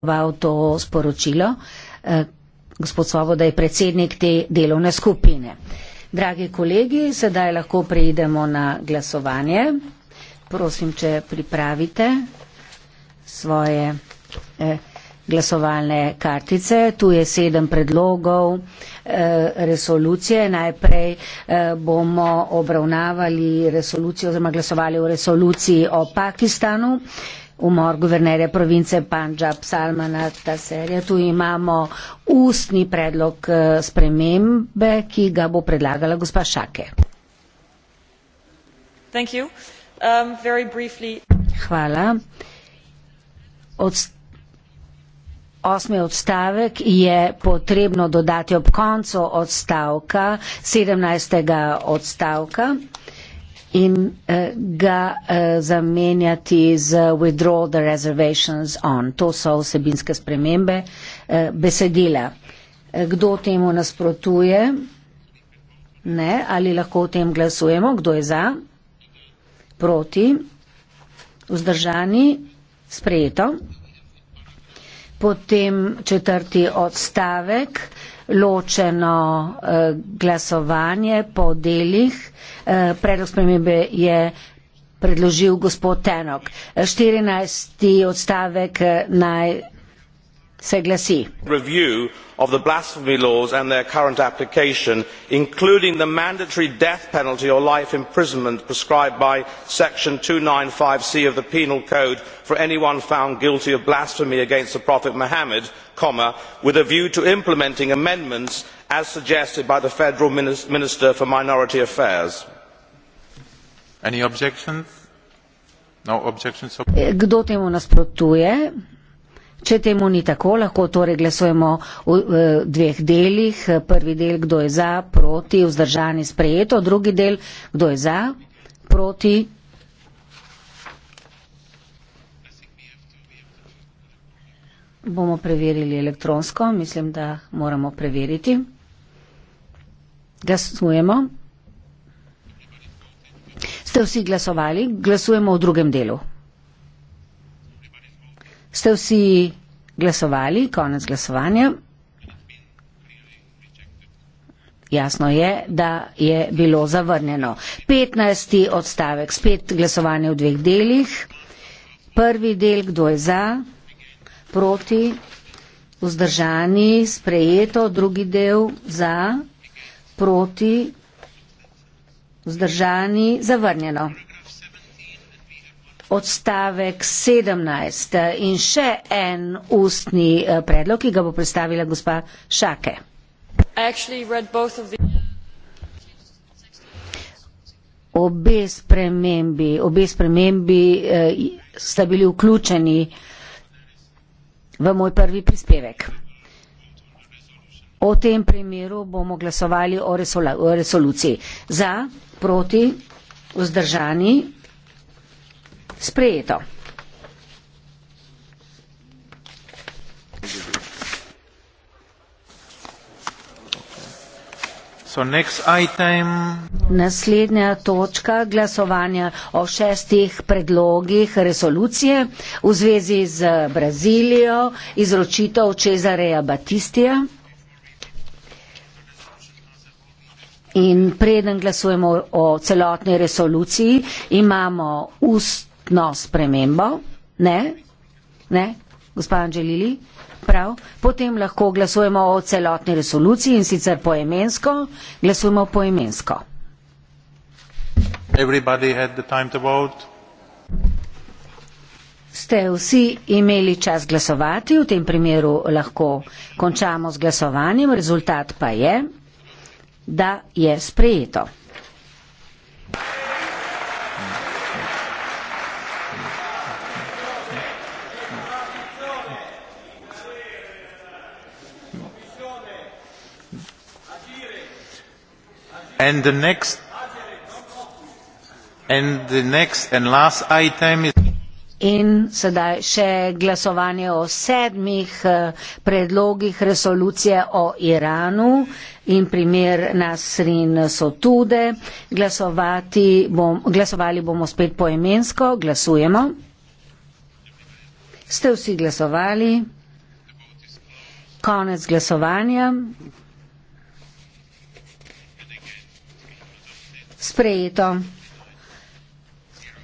oblikoval to sporočilo, eh, gospod Svoboda je predsednik te delovne skupine. Dragi kolegi, sedaj lahko preidemo na glasovanje. Prosim, če pripravite svoje eh, glasovalne kartice. Tu je sedem predlogov eh, resolucije. Najprej bomo obravnavali resolucijo oziroma glasovali o resoluciji o Pakistanu umor guvernerja province Panjab Salmana Taserja. Tu imamo ustni predlog eh, spremembe, ki ga bo predlagala gospa Šake. Um, Hvala. Od Osmi odstavek je potrebno dodati ob koncu odstavka, sedemnajstega odstavka in uh, ga uh, zamenjati z withdraw the reservations on. To so vsebinske spremembe uh, besedila. Kdo temu nasprotuje? Ne, ali lahko o tem glasujemo? Kdo je za? Proti? Vzdržani? Sprejeto? potem četrti odstavek, ločeno eh, glasovanje po delih, eh, predlog spremembe je predložil gospod Tenok. 14. Eh, odstavek naj review of the blasphemy laws and their current application including the mandatory death penalty or life imprisonment prescribed by section two hundred and ninety five c of the penal code for anyone found guilty of blasphemy against the prophet muhammad with a view to implementing amendments as suggested by the federal minister for minority affairs. any objections? no objections? Če temu ni tako, lahko torej glasujemo v, v dveh delih. Prvi del, kdo je za, proti, vzdržani, sprejeto. Drugi del, kdo je za, proti. Bomo preverili elektronsko, mislim, da moramo preveriti. Glasujemo. Ste vsi glasovali? Glasujemo v drugem delu. Ste vsi glasovali, konec glasovanja? Jasno je, da je bilo zavrnjeno. 15. odstavek, spet glasovanje v dveh delih. Prvi del, kdo je za, proti, vzdržani, sprejeto. Drugi del, za, proti, vzdržani, zavrnjeno odstavek 17 in še en ustni eh, predlog, ki ga bo predstavila gospa Šake. Obe spremembi, obe spremembi eh, sta bili vključeni v moj prvi prispevek. O tem primeru bomo glasovali o, resolu o resoluciji. Za, proti, vzdržani, sprejeto. So Naslednja točka glasovanja o šestih predlogih resolucije v zvezi z Brazilijo, izročitev Čezareja Batistija. In preden glasujemo o celotni resoluciji, imamo ust no, spremembo, ne, ne, gospod Anželili, prav, potem lahko glasujemo o celotni resoluciji in sicer poemensko, glasujemo poemensko. Ste vsi imeli čas glasovati, v tem primeru lahko končamo z glasovanjem, rezultat pa je, da je sprejeto. in sedaj še glasovanje o sedmih eh, predlogih resolucije o Iranu in primer Nasrin Sotude. Bom, glasovali bomo spet poemensko, glasujemo. Ste vsi glasovali? Konec glasovanja. sprejeto.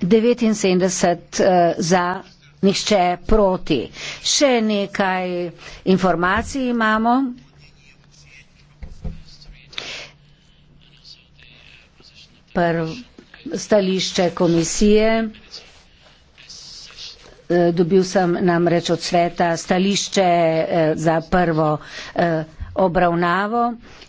79 eh, za, nihče proti. Še nekaj informacij imamo. Prvo stališče komisije. Eh, dobil sem namreč od sveta stališče eh, za prvo obravnavo.